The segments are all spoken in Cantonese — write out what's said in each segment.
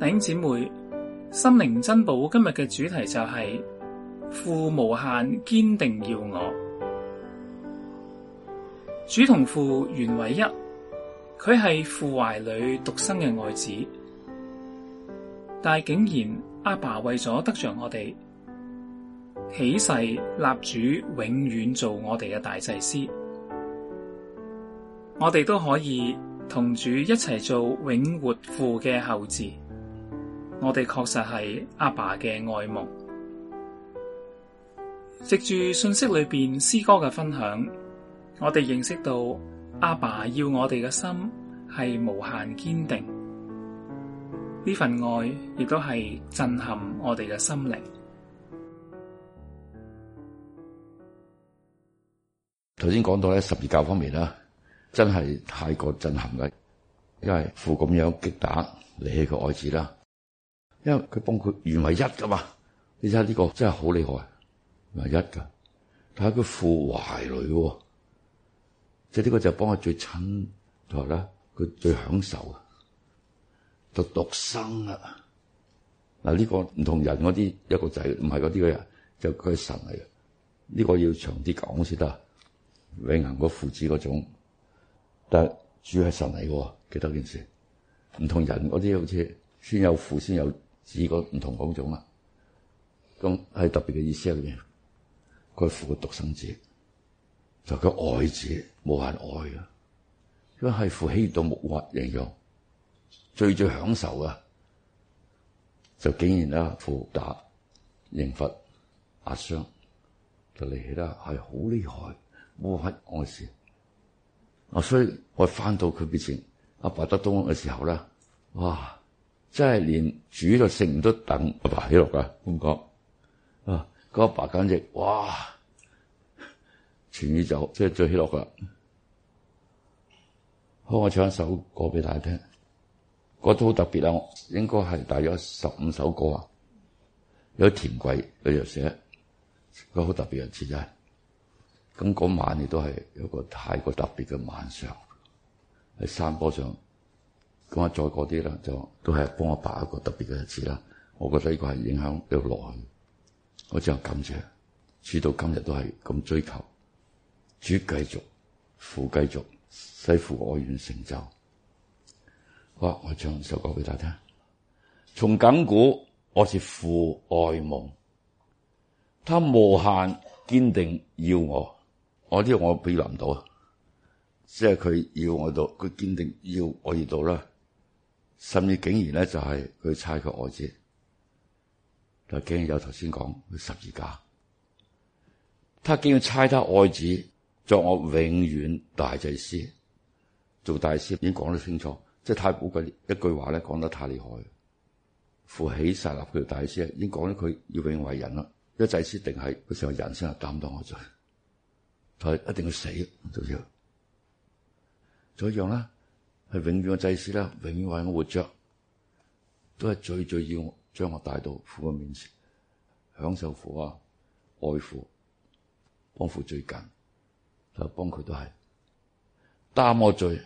弟兄姊妹，心靈珍寶，今日嘅主題就係、是、父無限堅定要我，主同父原為一，佢係父懷裏獨生嘅愛子，但係竟然阿爸為咗得着我哋，起誓立主永遠做我哋嘅大祭司，我哋都可以同主一齊做永活父嘅後嗣。我哋確實係阿爸嘅愛慕，藉住信息裏邊詩歌嘅分享，我哋認識到阿爸要我哋嘅心係無限堅定，呢份愛亦都係震撼我哋嘅心靈。頭先講到喺十字架方面啦，真係太過震撼啦，因為父咁樣擊打你嘅愛子啦。因為佢幫佢原為一噶嘛，你睇下呢個真係好厲害，原為一噶，睇下佢父懷裡、哦，即係呢個就是幫佢最親同啦，佢最享受啊，就獨生啊，嗱、啊、呢、呢個唔同人嗰啲一個仔，唔係嗰啲嘅人，就佢、係、神嚟嘅，呢、呢個要長啲講先得，永恒嗰父子嗰種，但係主要係神嚟嘅、哦，記得件事，唔同人嗰啲好似先有父先有。四個唔同講種啊，咁喺特別嘅意思入面，佢係父個獨生子，就佢、是、愛子冇人愛啊！佢係父喜到無法形容，最最享受啊！就竟然啦，父打、刑罰、壓傷，就嚟起啦係好厲害，冇人愛事。我所以我翻到佢面前，阿白德東嘅時候咧，哇！真係連煮都食唔得，等阿爸起落噶，咁講啊，個阿爸簡直哇，全宇宙即係最起落噶啦。好，我唱一首歌俾大家聽，覺得好特別啊，我應該係大約十五首歌啊，有田鬼佢又寫，佢好特別嘅詞啊。咁嗰晚亦都係有個太過特別嘅晚上，喺山坡上。咁啊，再過啲啦，就都係幫我爸一個特別嘅日子啦。我覺得呢個係影響要落去的，我只有感謝至到今日都係咁追求，主繼續，父繼續，使父愛願成就。好，我唱首歌俾大家聽。從亙古，我是父愛夢，他無限堅定要我，我知我俾攬到，即係佢要我到，佢堅定要我要到啦。甚至竟然咧就係佢差佢愛子，但係竟然有頭先講佢十字架，他竟然差他愛子作我永遠大祭司，做大師已經講得清楚，即係太寶貴嘅一句話咧講得太厲害，扶起晒立佢大師已經講咗佢要永為人啦，因為祭司定係佢時候人先係擔當我罪，係一定要死都要。再一樣啦。是永遠的祭司啦，永遠為我活着，都是最最要將我帶到父的面前，享受父啊，愛父，幫父最緊，就幫佢都是擔我罪，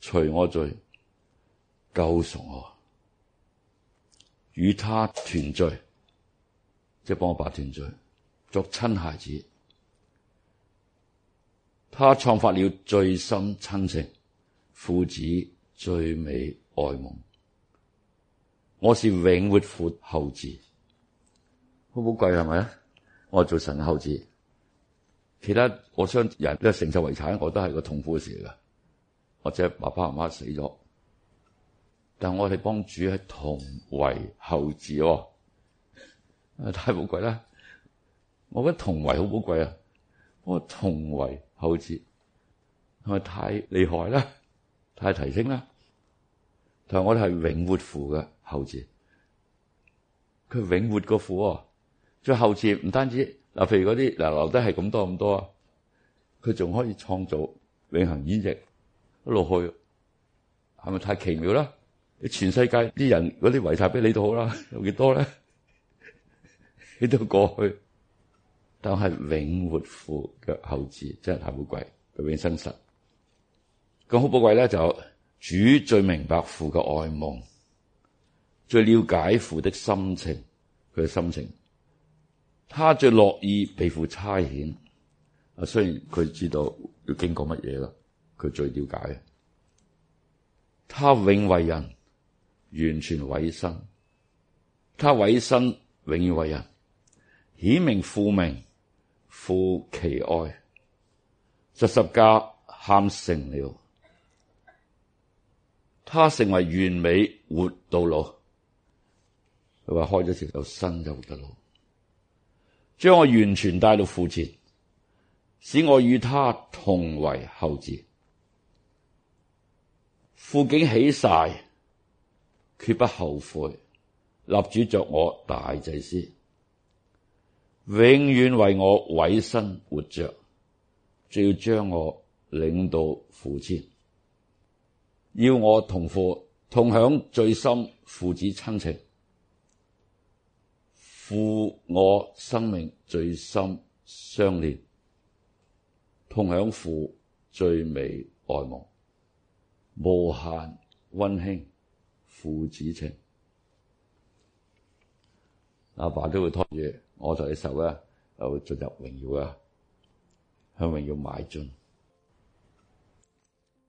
除我罪，救贖我，與他團聚，即係幫我爸團聚，作親孩子，他創發了最深親情。父子最美愛夢，我是永活父後嗣，好寶貴，係咪啊？我係做神後嗣，其他我相信人都承受遺產，我都係個痛苦嘅事嚟噶。或者爸爸媽媽死咗，但我哋幫主係同為後嗣，太寶貴啦！我覺得同為好寶貴啊，不過同為後嗣係咪太厲害咧？太提升啦！但我哋係永活父嘅後嗣，佢永活個父啊！最後嗣唔單止嗱，譬如嗰啲嗱留低係咁多咁多啊，佢仲可以創造永恒演繹一路去，係咪太奇妙啦？你全世界啲人嗰啲遺產俾你都好啦，有幾多咧？你 都過去，但係永活父嘅後嗣真係太寶貴，永生實。咁好寶貴咧，就主最明白父嘅愛夢，最了解父的心情，佢嘅心情，他最樂意被父差遣。啊，雖然佢知道要經過乜嘢咯，佢最了解嘅。他永為人，完全委身，他委身永遠為人，顯明父名，父奇愛，十架喊成了。他成為完美活道路，佢話開咗條又新就活嘅路，將我完全帶到父前，使我與他同為後嗣，父竟起誓，決不後悔，立主作我大祭司，永遠為我為神活着，仲要將我領到父前。」要我同父同享最深父子親情，父我生命最深相連，同享父最美愛夢，無限溫馨父子情。阿爸都會拖住我就你，就呢手咧就進入榮耀啊，向榮耀邁進。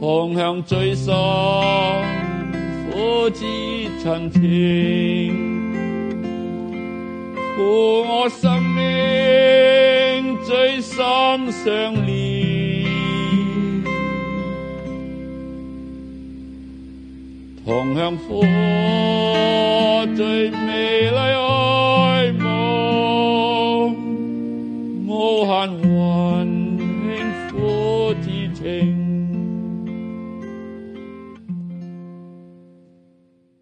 同享最深父子親情，父我生命最深相連，同享父最美麗愛夢，無限。